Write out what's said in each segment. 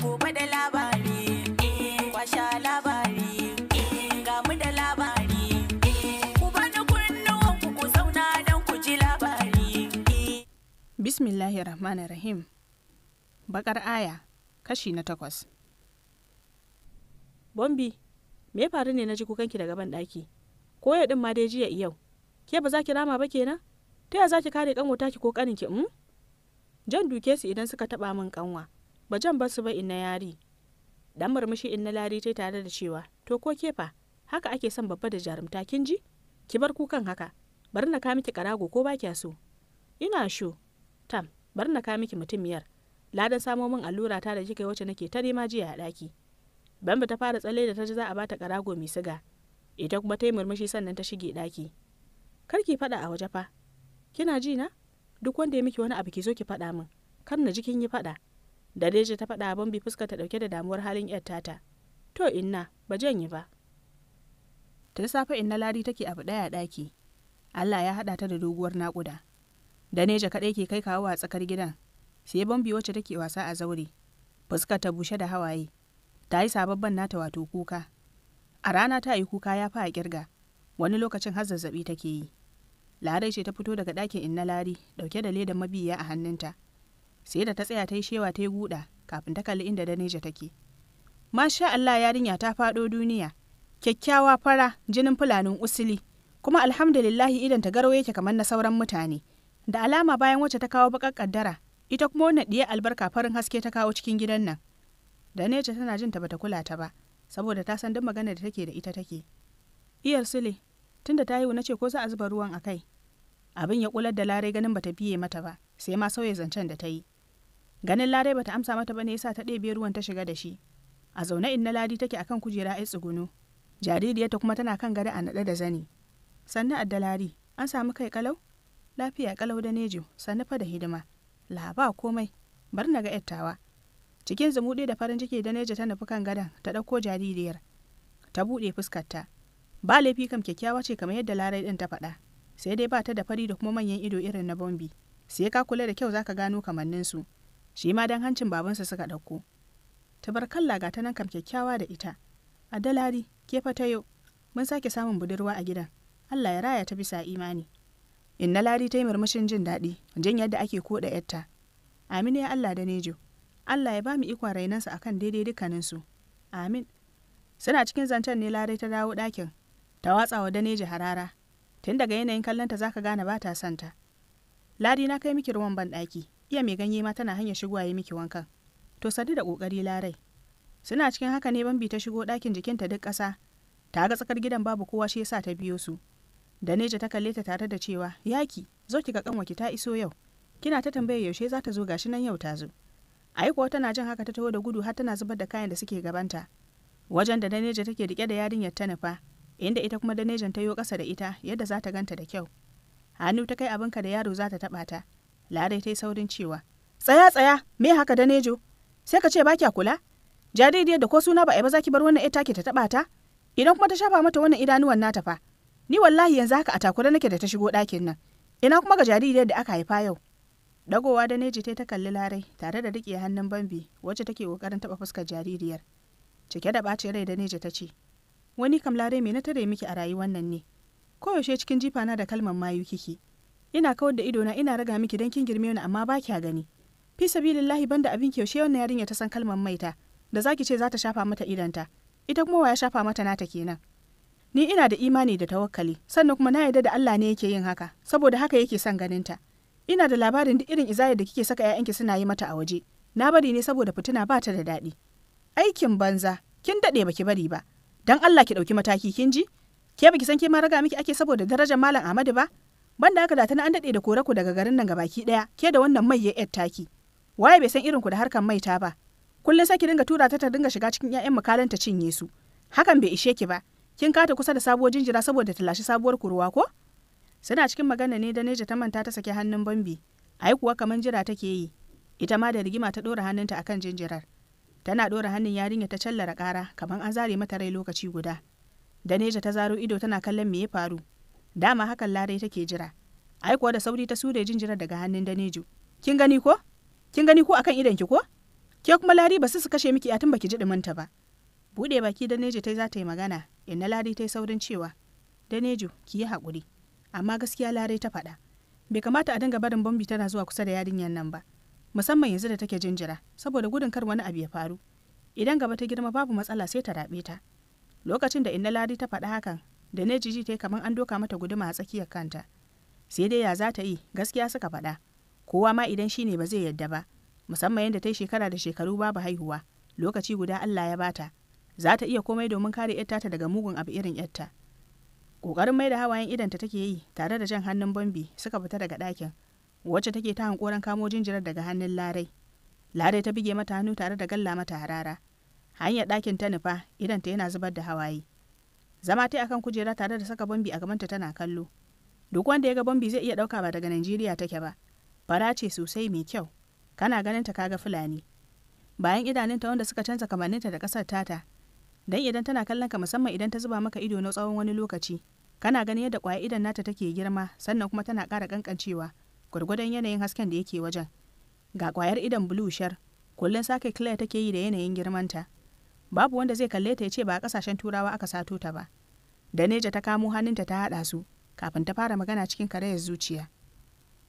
Gobe da labari, eh, kwasha labari, eh, gamu da labari, eh, ku bani kunnuwanku ku zauna don ku ji labari. Bismillahir Rahmanir Rahim, bakar aya, kashi na takwas. Bombi, me ya faru ne na ji kukanki daga ban ɗaki? Ko ya ɗin ma dai jiya yau, ke ba za ki rama ba kenan? Ta ya za ki kare kanwata ki ko kaninki? Hmm? Jan duke su idan suka taɓa min kanwa. ba jan basu ba inna yari dan murmushi in na lari ta tare da cewa to ko kefa haka ake son babba da jarumta kin ji ki bar kukan haka bari na ka miki karago ko ba kya so ina sho tam bari na ka miki mutumiyar ladan samo min allura ta da kika wace nake ta nema jiya a daki bamba ta fara tsalle da ta ji za a bata karago mai siga ita kuma ta yi murmushi sannan ta shige daki kar ki fada a waje fa kina ji na duk wanda ya miki wani abu ki zo ki fada min kar na ji kin yi fada da reja ta faɗa abin bi fuska ta ɗauke da damuwar halin yar tata to inna ba janye ba ta safe inna Lari take abu ɗaya a ɗaki allah ya haɗa ta da doguwar naƙuda da neja kaɗai ke kai kawo a tsakar gidan sai bambi wacce take wasa a zaure fuska ta bushe da hawaye ta yi sababban nata wato kuka a rana ta yi kuka ya fa a kirga wani lokacin har zazzabi take yi larai ce ta fito daga ɗakin inna lari ɗauke da ledan mabiya a hannunta sai da ta tsaya ta yi shewa ta yi guda kafin ta kalli inda daneja take masha Allah yarinya ta faɗo duniya kyakkyawa fara jinin fulanin usili kuma alhamdulillahi idan ta garo yake kamar na sauran mutane da alama bayan wacce ta kawo baƙar ƙaddara. ita kuma wannan diya albarka farin haske ta kawo cikin gidan nan da tana jin ta bata kula ta ba saboda ta san duk magana da take da ita take iyar sule tunda ta haihu nace ko za a zuba ruwan a kai abin ya kular da larai ganin bata biye mata ba sai ma sauya zancen da ta yi ganin larai bata amsa mata ba ne yasa ta ɗebe ruwan ta shiga da shi a zaune inna ladi take akan kujera ai tsuguno ta kuma tana kan gari a naɗe da zani sannu addalari an samu kai kalau lafiya kalau da nejo sannu fa da hidima laba komai bar na ga yattawa cikin zumuɗe da farin ciki da neja ta nufi kan gadon ta ɗauko jaririyar ta buɗe fuskarta ba laifi kam kyakkyawa ce kamar yadda larai ɗin ta faɗa sai dai ba ta da fari da kuma manyan ido irin na bombi sai ka kula da kyau zaka gano kamanninsu su shi ma dan hancin babansa suka ɗauko tabarkalla ga ta nan kam kyakkyawa da ita a dalari ke ta yau mun sake samun budurwa a gidan allah ya raya ta bisa imani inna lari ta yi murmushin jin daɗi jin yadda ake koɗa yarta amin ya allah da nejo allah ya ba mu ikon rainansa akan daidai dukkaninsu amin suna cikin zancen ne larai ta dawo ɗakin ta watsa wa daneji harara tun daga yanayin kallonta zaka gane ba ta santa ladi na kai miki ruwan ban ɗaki iya mai ganye ma tana hanyar shigowa yi miki wankan to sadu da kokari larai suna cikin haka ne bambi ta shigo ɗakin jikinta duk ƙasa ta ga tsakar gidan babu kowa shi yasa ta biyo su da neja ta kalle ta tare da cewa yaki zo ki ga ki ta iso yau kina ta tambaya yaushe za ta zo gashi nan yau ta zo ai kuwa tana jin haka ta taho da gudu har tana zubar da kayan da suke gabanta wajen da daneja take rike da yarinyar ta nufa inda ita kuma danejan ta yo ƙasa da ita yadda za ta ganta da kyau hannu ta kai abinka da yaro za ta taɓa ta Lare ta yi saurin cewa, Tsaya tsaya, me haka da nejo? Sai ka ce ba kya kula? Jaririyar da ko suna ba a ba za ki bar wannan ita ke ta taɓa ta? Idan kuma ta shafa mata wannan idanuwan nata fa. Ni wallahi yanzu haka a takura nake da ta shigo ɗakin nan. Ina kuma ga jaririyar da aka haifa yau. Dagowa da neji ta ta kalli larai tare da riƙe hannun bambi wacce take ƙoƙarin taɓa fuskar jaririyar. Cike da ɓacin rai da neji ta ce, Wani kam larai me na tare miki a rayuwar nan ne? Koyaushe cikin jifa na da kalmar mayu kiki. ina kawar da idona ina raga miki dan kin girme ni amma ba kya gani fi sabilillahi banda abin ki yaushe wannan yarinya ta san kalmar maita da zaki ce za ta shafa mata idanta ita kuma waya shafa mata nata kenan ni ina da imani da tawakkali sannan kuma na yarda da Allah ne yake yin haka saboda haka yake son ta ina da labarin duk irin izayar da kike saka ƴaƴanki suna yi mata a waje na bari ne saboda fituna ba ta da daɗi aikin banza kin daɗe baki bari ba dan Allah ki ɗauki mataki kin ji ke baki san ke ma raga miki ake saboda darajar malam Ahmadu ba banda haka da tana an daɗe da kore ku daga garin nan ga baki ɗaya ke da wannan mai ya yar taki waye bai san irin ku da harkan ta ba kullum sai ki dinga tura ta ta dinga shiga cikin ƴaƴan makalanta cinye su hakan bai ishe ki ba kin kata kusa da sabuwar jinjira saboda ta lashi sabuwar kurwa ko suna cikin magana ne da Neja ta manta ta sake hannun Bambi ai kuwa kaman jira take yi ita ma da rigima ta dora hannunta akan jinjirar tana ɗora hannun yarinya ta callara kara kaman an zare mata rai lokaci guda da Neja ta zaro ido tana kallon me ya faru dama hakan larai take jira ai da sauri ta sure jinjira daga hannun danejo kin gani ko kin gani ko akan idan ki ko ke kuma lari ba su kashe miki atin baki ji duminta ba bude baki danejo tai za ta yi magana inna lari tai saurin cewa danejo ki yi hakuri amma gaskiya larai ta faɗa bai kamata a dinga barin bombi tana zuwa kusa da yarinyar nan ba musamman yanzu da take jinjira saboda gudun kar wani abu ya faru idan gaba ta girma babu matsala sai ta raɓe ta lokacin da inna lari ta faɗa hakan da na jiji ta kamar an doka mata guduma a tsakiyar kanta sai dai ya za ta yi gaskiya suka faɗa kowa ma idan shine ba zai yadda ba musamman yadda ta yi shekara da shekaru babu haihuwa lokaci guda Allah ya bata za ta iya komai domin kare yarta ta daga mugun abu irin yarta Ƙoƙarin mai da hawayen ta take yi tare da jan hannun bambi suka fita daga ɗakin wacce take ta hankoran kamo jinjirar daga hannun larai larai ta buge mata hannu tare da galla mata harara hanyar ɗakin ta nufa idanta yana zubar da hawaye zama ta akan kujera tare da saka bombi a gabanta tana kallo duk wanda ya ga bombi zai iya dauka ba daga Najeriya take ba fara ce sosai mai kyau kana ganin ta kaga fulani bayan idanunta wanda suka canza kamanninta da kasar tata dan idan tana kallon ka musamman idan ta zuba maka ido na tsawon wani lokaci kana ganin yadda kwaya idan nata take girma sannan kuma tana kara kankancewa gwargwadon yanayin hasken da yake wajen ga kwayar idan blue shar kullun sake clear take yi da yanayin girmanta babu wanda zai kalle ta ya ce ba a kasashen turawa aka sato ta ba da neja ta kamo hannunta ta haɗa su kafin ta fara magana cikin karayar zuciya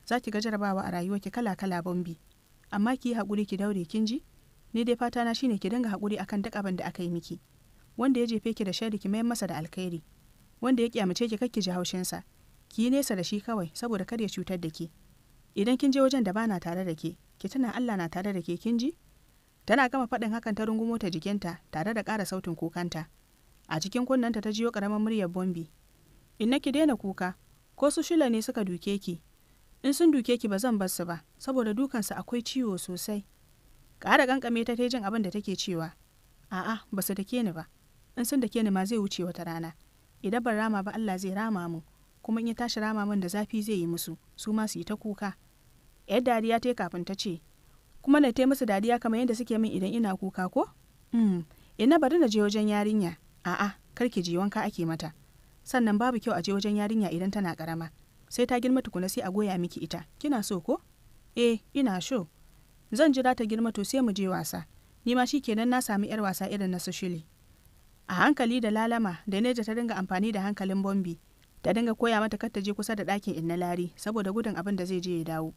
za ki ga jarabawa a rayuwa ki kala kala bombi amma ki yi haƙuri ki daure kin ji ni dai fata na shine ki dinga haƙuri akan duk abin da aka yi miki wanda ya jefe ki da sharri ki mayar masa da alkhairi wanda ya kyamace ki kar ki ji haushinsa ki yi nesa da shi kawai saboda kar ya cutar da ki idan kin je wajen da bana tare da ke ki tana Allah na tare da ke kin ji tana gama faɗin hakan ta rungumo ta jikinta tare da ƙara sautin kukanta a cikin kunnanta ta jiyo ƙaramin muryar bombi in naki daina kuka ko su shila ne suka duke ki in sun duke ki ba zan bar su ba saboda dukansu akwai ciwo sosai ƙara ƙanƙame ta jin abin da take cewa a'a ba su dake ni ba in sun dake ni ma zai wuce wata rana idan ban rama ba Allah zai rama mu kuma in ya tashi rama min da zafi zai yi musu su ma su yi ta kuka yar dariya ta kafin ta ce kuma na taimasu dariya kamar yadda suke min idan ina kuka ko mm. ina bari na je wajen yarinya a'a kar ki je wanka ake mata sannan babu kyau a je wajen yarinya idan tana karama sai ta girma tukuna sai a goya miki ita kina so ko eh ina so zan jira ta girma to sai mu je wasa ni ma shikenan na sami yar wasa irin na su shili a hankali da lalama da neja ta dinga amfani da hankalin bombi ta dinga koya mata kar ta je kusa da ɗakin inna lari saboda gudun abin da zai je ya dawo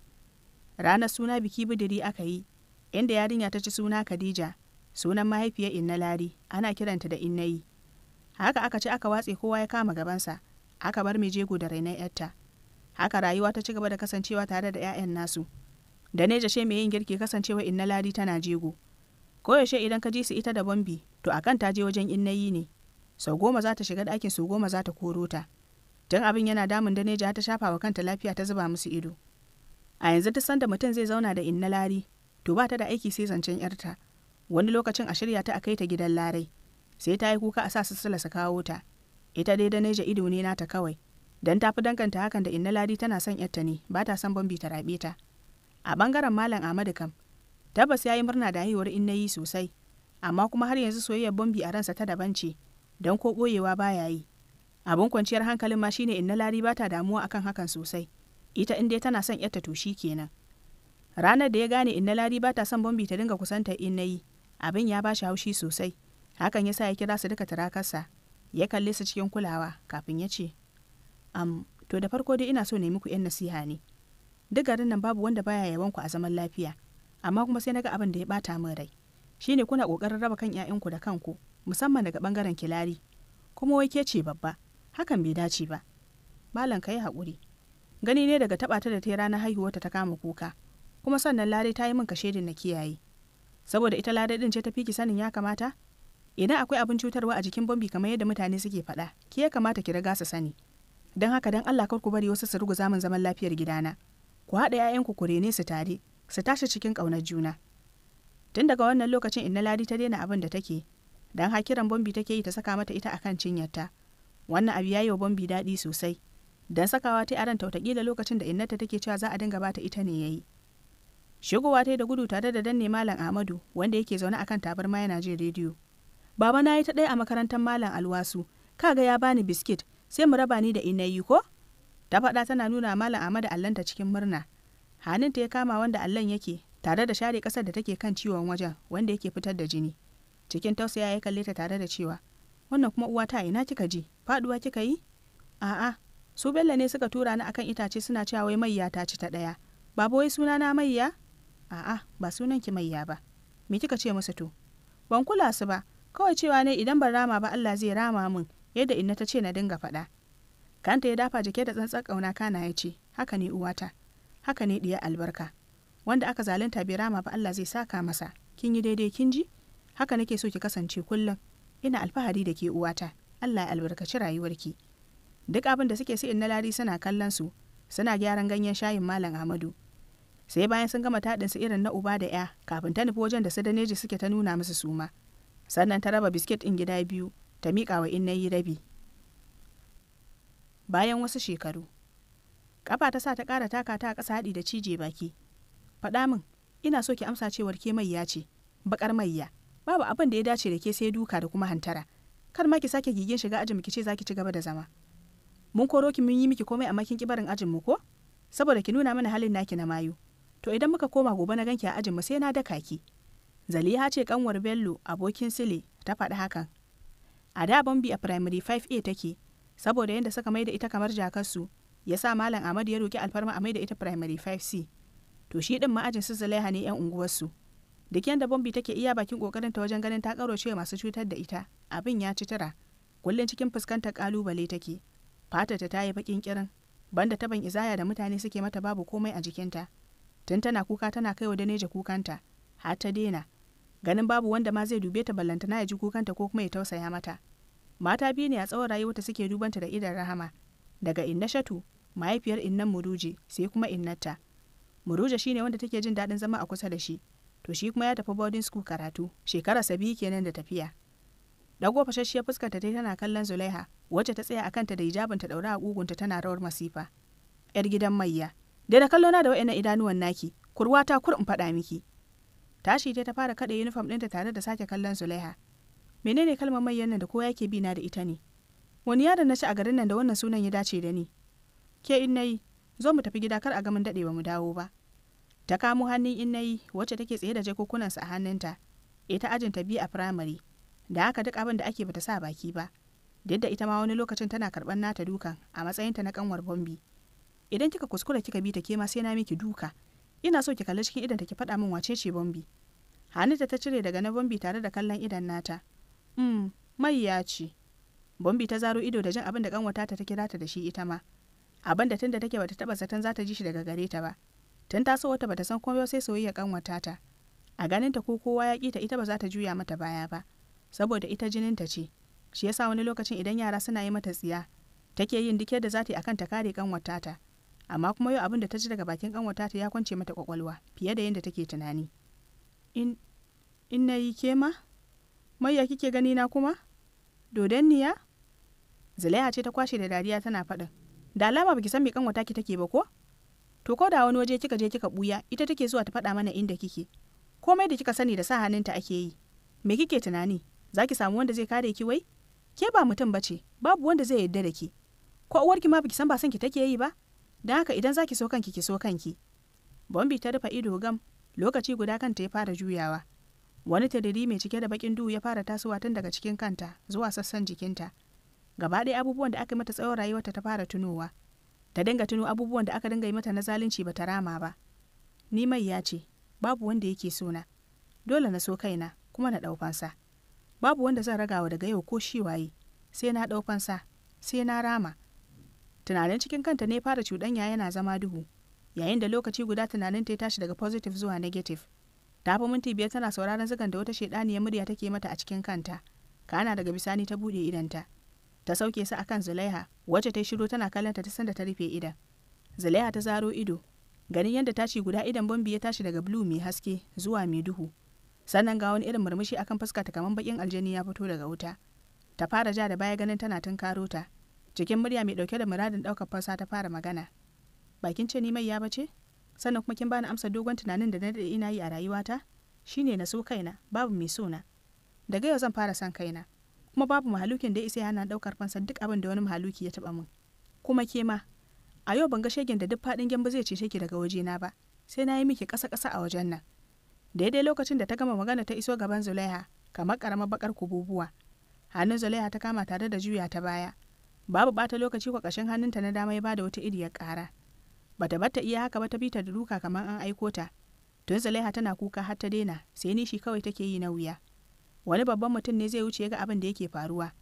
ranar suna biki bidiri aka yi inda yarinya ta ci suna khadija sunan mahaifiyar inna lari ana kiranta da innayi haka aka ci aka watse kowa ya kama gabansa aka bar mai jego da rainar yarta haka rayuwa ta ci gaba da kasancewa tare da 'ya'yan nasu da ne jashe mai yin girki kasancewa inna ladi tana jego koyaushe idan ka ji su ita da bambi to akan ta je wajen innayi ne sau goma za ta shiga ɗakin sau goma za ta koro ta tun abin yana damun da neja ta shafa wa kanta lafiya ta zuba musu ido a yanzu ta san da mutum zai zauna da inna lari to ba ta da aiki sai zancen yarta wani lokacin a shirya ta a kai ta gidan larai sai ta yi kuka a sa sassala su kawo ta ita dai da neja ido ne nata kawai dan ta fi danganta hakan da inna lari tana son yarta ne ba ta son bambi ta rabe ta a bangaren malam ahmadu kam tabbas ya yi murna da haihuwar inna yi sosai amma kuma har yanzu soyayyar bambi a ransa ta daban ce don ko ɓoyewa baya yi abin kwanciyar hankalin ma shine inna lari ba ta damuwa akan hakan sosai ita in dai tana son yarta tushi kenan ranar da ya gane inna ladi ba ta son bombi ta dinga kusanta in yi abin ya ba shi haushi sosai hakan ya sa ya kira su duka tarakarsa ya kalle su cikin kulawa kafin ya ce am to da farko dai ina so ne muku yan nasiha ne duk garin nan babu wanda baya yawan ku a zaman lafiya amma kuma sai naga abin da ya bata min rai shine kuna kokarin raba kan 'ya'yanku da kanku musamman daga bangaren kilari kuma wai ke ce babba hakan bai dace ba malam ka yi haƙuri gani ne daga taɓa ta da ta yi ranar haihuwarta ta kama kuka kuma sannan lare ta yi min kashedin na kiyaye saboda ita lare din ce ta fi ki sanin ya kamata idan akwai abin cutarwa a jikin bombi kamar yadda mutane suke faɗa ki ya kamata ki riga su sani don haka dan Allah kar ku bari wasu su ruguza min zaman lafiyar gidana ku haɗa 'ya'yanku ku rene su tare su tashi cikin ƙaunar juna tun daga wannan lokacin inna ladi ta daina abin da take dan hakiran bombi take yi ta saka mata ita akan cinyarta wannan abu ya yi wa bombi daɗi sosai dan sakawa ta ta tautakila lokacin da innata take cewa za a dinga bata ita ne yayi shigowa ta da gudu tare da danne malam Ahmadu wanda yake zaune akan tabarma yana jin rediyo baba na yi ta ɗaya a makarantar malam Alwasu kaga ya bani biskit sai mu raba ni da inayi ko ta faɗa tana nuna malam Ahmadu allanta cikin murna ta ya kama wanda allan yake tare da share ƙasar da take kan ciwon wajen wanda yake fitar da jini cikin tausaya ya kalle ta tare da cewa wannan kuma uwata ta ina kika ji Faɗuwa kika yi a'a su bello ne suka tura ni akan itace suna cewa wai mayya ta ci ta ɗaya babu wai suna na mayya a'a ba sunan ki mayya ba me kika ce musu to ban kula su ba kawai cewa ne idan ban rama ba Allah zai rama mun yadda inna ta ce na dinga faɗa kanta ya dafa jike da tsantsar ƙauna kana ya ce haka ne uwata haka ne ɗiya albarka wanda aka zalunta bai rama ba Allah zai saka masa kin yi daidai kin ji haka nake so ki kasance kullum ina alfahari da ke uwata Allah ya albarkaci rayuwarki duk abin da suke in na ladi suna kallon su suna gyaran ganyen shayin malam ahmadu sai bayan sun gama taɗin su irin na uba da ya kafin ta nufi wajen da su daneji suke ta nuna musu suma sannan ta raba biskit ɗin gida biyu ta miƙa wa in yi rabi bayan wasu shekaru ƙafa ta sa ta ƙara taka ta a ƙasa haɗi da cije baki faɗa min ina so ki amsa cewar ke maiya ce baƙar maiya babu abin da ya dace da ke sai duka da kuma hantara kar ma ki sake gigin shiga ajin ki ce za ki ci gaba da zama mun koro ki mun yi miki komai amma kin ki barin ajin mu ko saboda ki nuna mana halin naki na mayu to idan muka koma gobe na ganki a ajin mu sai na daka ki zaliha ce kanwar bello abokin sile ta faɗi hakan a da bambi a primary 5a take saboda yadda suka da ita kamar jakarsu ya sa malam ahmad ya roki alfarma a mai da ita primary 5c to shi din ma'ajin su zaliha ne yan unguwarsu duk yadda bambi take iya bakin kokarin ta wajen ganin ta karo masu cutar da ita abin ya ci tara kullum cikin fuskantar kalubale take fata ta yi bakin kirin banda taban izaya da mutane suke mata babu komai a jikinta tun tana kuka tana kai wa daneja kukanta har ta dena. ganin babu wanda ma zai dube ta ballantana ya ji kukanta ko kuma ya tausaya mata mata biyu ne a tsawon rayuwarta suke dubanta da idan rahama daga inna shatu mahaifiyar innan muruje sai kuma innarta muruje shine wanda take jin daɗin zama a kusa da shi to shi kuma ya tafi boarding school karatu shekara sabi kenan da tafiya dago fashashshiyar fuskar ta tana kallon zulaiha wacce ta tsaya a kanta da ta daura a tana rawar masifa yar gidan mayya da da kallona da wayannan idanuwan naki kurwa ta kur in faɗa miki tashi dai ta fara kada uniform ɗinta tare da sake kallon Zulaiha menene kalmar mayyan nan da kowa yake bi na da ita ne wani yaron na shi a garin nan da wannan sunan ya dace da ni ke in nayi zo mu tafi gida kar a ga mun dade ba mu dawo ba ta kamo hannun in nayi wacce take tsaye da jakokunansu a hannunta ita ajin ta biyu a firamare da haka duk abin da ake bata sa baki ba duk da ita ma wani lokacin tana karɓar nata dukan a matsayinta na kanwar bombi idan kika kuskura kika bi ta ke ma sai na miki duka ina so ki kalli cikin idan ta ki faɗa min wace ce bombi hanita ta cire daga na bombi tare da kallon idan nata mm mai ya ce bombi ta zaro ido da jin abin da kanwata ta kira ta da shi ita ma abin da tunda take bata taba zaton zata ji shi daga gare ta ba tun ta so wata bata san komai sai soyayya kanwata ta a ganin ta ko kowa ya ki ta ita ba za ta juya mata baya ba saboda ita jinin ta ce shi yasa wani lokacin idan yara suna yi mata tsiya take yin duk yadda zata ta yi akan ta kare kanwata ta amma kuma yau abin da ta ji daga bakin kanwata ta ya kwance mata kwakwalwa fiye da yadda take tunani in in nayi ke ma mayya kike gani na kuma dodanniya zulaiha ce ta kwashe da dariya tana faɗin da alama baki san me kanwata ki take ba ko to ko da wani waje kika je kika buya ita take zuwa ta faɗa mana inda kike komai da kika sani da sa hannunta ake yi me kike tunani za ki samu wanda zai kare ki wai ke ba mutum ba ce babu wanda zai yarda da ke ko uwarki ma baki san ba ki take yi ba don haka idan zaki so kanki ki so kanki bombi ta rufe ido gam lokaci guda kanta ya fara juyawa wani tadiri mai cike da bakin duhu ya fara tasowa tun daga cikin kanta zuwa sassan jikinta gaba ɗaya abubuwan da aka mata tsawon rayuwarta ta fara tunowa ta dinga tuno abubuwan da aka dinga yi mata na zalunci ba ta rama ba ni mai ya ce babu wanda yake sona dole na so kaina kuma na ɗaufansa babu wanda zan ragawa daga yau ko shi waye sai na ɗau sai na rama tunanin cikin kanta ne fara cuɗanya yana zama duhu yayin da lokaci guda tunanin ta tashi daga positive zuwa negative ta fi minti biyar tana sauraron zugan da wata shaidaniya murya take mata a cikin kanta Ka kana daga bisani ta buɗe idanta ta sauke su akan zulaiha wacce ta shiro tana kallonta ta sanda ta rufe idan zulaiha ta zaro ido ganin yadda tashi guda idan bambi ya tashi daga blue mai haske zuwa mai duhu sannan ga wani irin murmushi akan fuska ta kaman bakin aljani ya fito daga wuta ta fara ja da baya ganin tana tunkaro ta cikin murya mai dauke da muradin daukar fasa ta fara magana bakin ce ni mai ya bace sannan kuma kin bani amsa dogon tunanin da na dade ina yi a rayuwata shine na so kaina babu mai suna daga yau zan fara son kaina kuma babu mahalukin da ya isa yana daukar fansa duk abin da wani mahaluki ya taba min kuma ke ma a yau ban ga shegen da duk fadin gyambu zai cece ke daga waje na ba sai na yi miki kasa kasa a wajen nan daidai lokacin da ta gama magana ta iso gaban zulaiha kamar karamar bakar kububuwa hannun zulaiha ta kama tare da juya ta baya babu bata lokaci ƙashin hannunta na dama ya bada wata iriyar kara bata bata iya haka ba ta bita da duka kamar an aiko ta tun zulaiha tana kuka har ta daina sai nishi kawai take yi na wuya wani babban mutum ne zai wuce ga abin da yake faruwa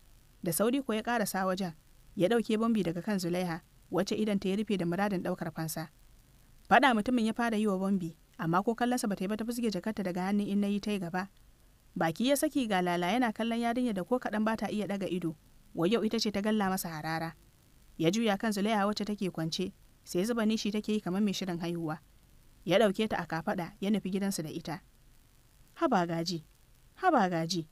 da sauri ko ya karasa wajen ya dauke bombi daga kan zulaiha wacce idan ta ya rufe da muradin daukar fansa Faɗa mutumin ya fara yi wa bombi amma ko kallonsa ba ta yi ba ta fuske jakarta daga hannun in na yi ta yi gaba baki ya saki ga lala yana kallon yarinya da ko kaɗan ba ta iya ɗaga ido wai yau ita ce ta galla masa harara ya juya kan zulaiha wacce take kwance sai zuba nishi take yi kamar mai shirin haihuwa ya ɗauke ta a kafaɗa ya nufi gidansu da ita haba gaji haba gaji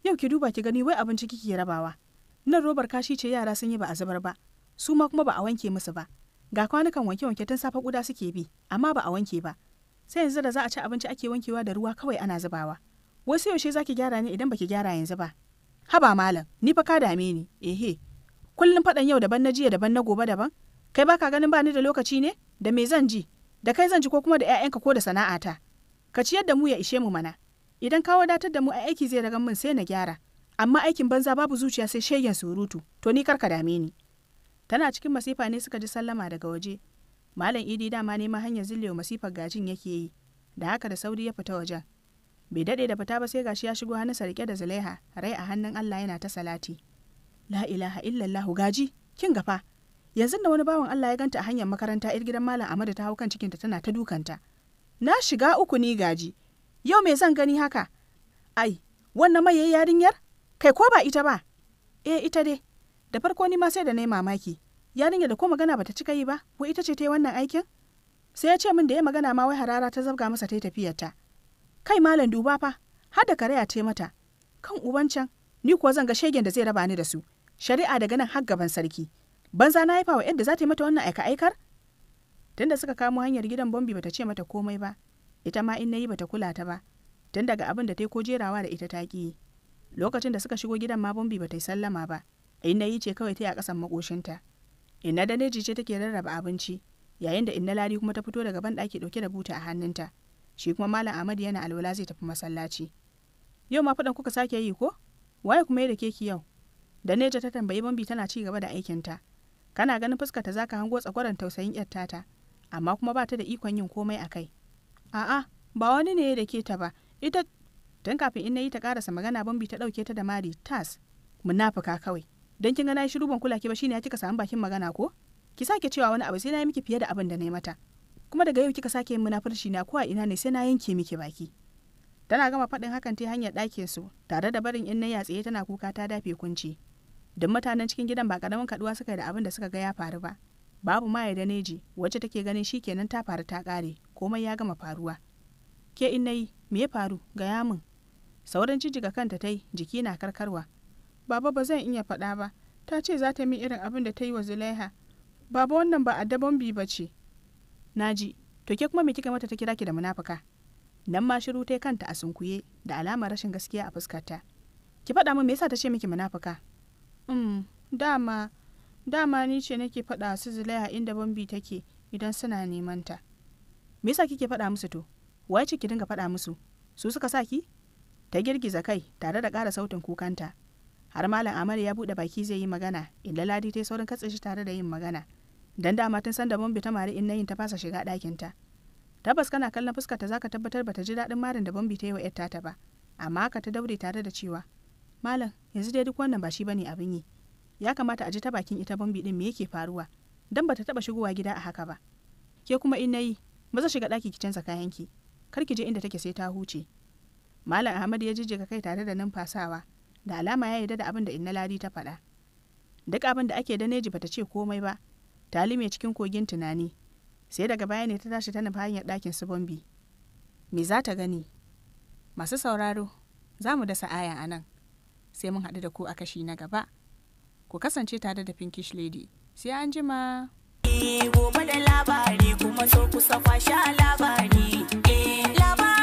yau ki duba ki gani wai abinci kike rabawa nan robar kashi ce yara sun yi ba a zubar ba su ma kuma ba a wanke musu ba ga kwanukan wanke-wanke tun safe guda suke bi amma ba a wanke ba sai yanzu da za a ci abinci ake wankewa da ruwa kawai ana zubawa wasu yaushe ki gyara ne idan baki gyara yanzu ba haba malam ni fa ka dame ni ehe kullum faɗan yau daban na jiya daban na gobe daban kai baka ganin bani da lokaci ne da me zan ji da kai zan ji ko kuma da 'ya'yanka ko da sana'ata ka ciyar da mu ya ishe mu mana idan ka wadatar da mu a aiki zai ragan min sai na gyara amma aikin banza babu zuciya sai shegen surutu to ni kar ka dame ni tana cikin masifa ne suka ji sallama daga waje malam idi dama ma hanyar zillewa masifar gajin yake yi da haka da sauri ya fita wajen bai daɗe da fita ba sai gashi ya shigo hannunsa rike da zulaiha rai a hannun allah yana ta salati la ilaha illallahu gaji kin gafa yanzu da wani bawan allah ya ganta a hanyar makaranta yar gidan malam amadu ta hau kan cikinta tana ta dukanta na shiga uku ni gaji yau me zan gani haka ai wannan mai yayi yarinyar kai ko ba ita ba eh ita dai da farko ni ma sai da na yi mamaki yarinya da ko magana bata cika yi ba ko ita ce ta yi wannan aikin sai ya ce min da ya magana ma wai harara ta zabga masa ta tafiyarta kai malam duba fa har da karaya ce mata kan uban can ni kuwa zan ga shegen da zai raba ni da su shari'a daga nan har gaban sarki banza na haifa wa yadda za ta yi mata wannan aika aikar tunda suka kamo hanyar gidan bombi bata ce mata komai ba ita ma in na yi bata kula ta ba tun daga abin da ta yi ko jerawa da ita ta ki lokacin da suka shigo gidan ma bombi bata yi sallama ba in na yi ce kawai ta yi a ƙasan makoshinta inna daneji ce take rarraba abinci yayin da inna ladi kuma ta fito daga banɗaki ɗauke da buta a hannunta shi kuma malam ahmad yana alwala zai tafi masallaci yau ma faɗan kuka sake yi ko waye kuma yi da keki yau daneja ta tambayi bambi tana ci gaba da aikinta kana ganin fuskar ta zaka hango tsakwaran tausayin yar tata amma kuma ba ta da ikon yin komai a kai a'a ba wani ne da ke ta ba ita tun kafin inna yi ta karasa magana bambi ta ɗauke ta da mari tas munafuka kawai don kin ga na shiru ban kula ki ba shine ya kika samu bakin magana ko ki sake cewa wani abu sai na yi miki fiye da abin da na yi mata kuma daga yau kika sake yin munafurci na ko a ina ne sai na yanke miki baki tana gama faɗin hakan ta hanyar ɗakin su tare da barin in na ya tsaye tana kuka ta dafe kunci duk mutanen cikin gidan ba karamin kaduwa suka yi da abin da suka ga ya faru ba babu ma da neji wacce take ganin shi kenan ta faru ta ƙare komai ya gama faruwa ke in yi me ya faru gaya yamin sauran jijjiga kanta ta yi jiki na karkarwa Baba ba zan iya faɗa ba. Ta ce za ta min irin abin da ta yi wa Zulaiha. Baba wannan ba daban bi ba ce. Naji, to ke kuma me kika mata ta kira ki da munafuka? Nan ma shiru ta kanta a sunkuye da alamar rashin gaskiya a fuskarta. Ki faɗa min me yasa ta ce miki munafuka? Um, dama dama ni ce nake faɗa su Zulaiha inda Bambi take idan suna neman ta. Me yasa kike faɗa musu to? Wai ce ki dinga faɗa musu? Su suka sa ki? Ta girgiza kai tare da ƙara sautin kukanta. har malam Amadu ya buɗe baki zai yi magana inda ladi ta saurin katse shi tare da yin magana dan dama tun san da bombi ta mari in nayin ta fasa shiga ɗakin ta tabbas kana kallon fuskar ta zaka tabbatar bata ji daɗin marin da Bombi ta yi wa yar ta ba amma haka ta daure tare da cewa malam yanzu dai duk wannan ba shi bane abin yi ya kamata a ji ta bakin ita Bombi din me yake faruwa dan bata taba shigowa gida a haka ba ke kuma in nayi maza shiga ɗaki ki canza kayanki kar ki je inda take sai ta huce malam ahmad ya jijjiga kai tare da numfasawa da alama ya yarda da abin da inna ladi ta faɗa duk abin da ake da neji bata ce komai ba ta lime cikin kogin tunani sai daga baya ne ta tashi ta nufa hanyar ɗakin su bombi me za ta gani masu sauraro za mu dasa aya a nan sai mun haɗu da ku a kashi na gaba ku kasance tare da pinkish lady sai an jima eh, gobe da labari kuma so kusa kwashe labari eh, labari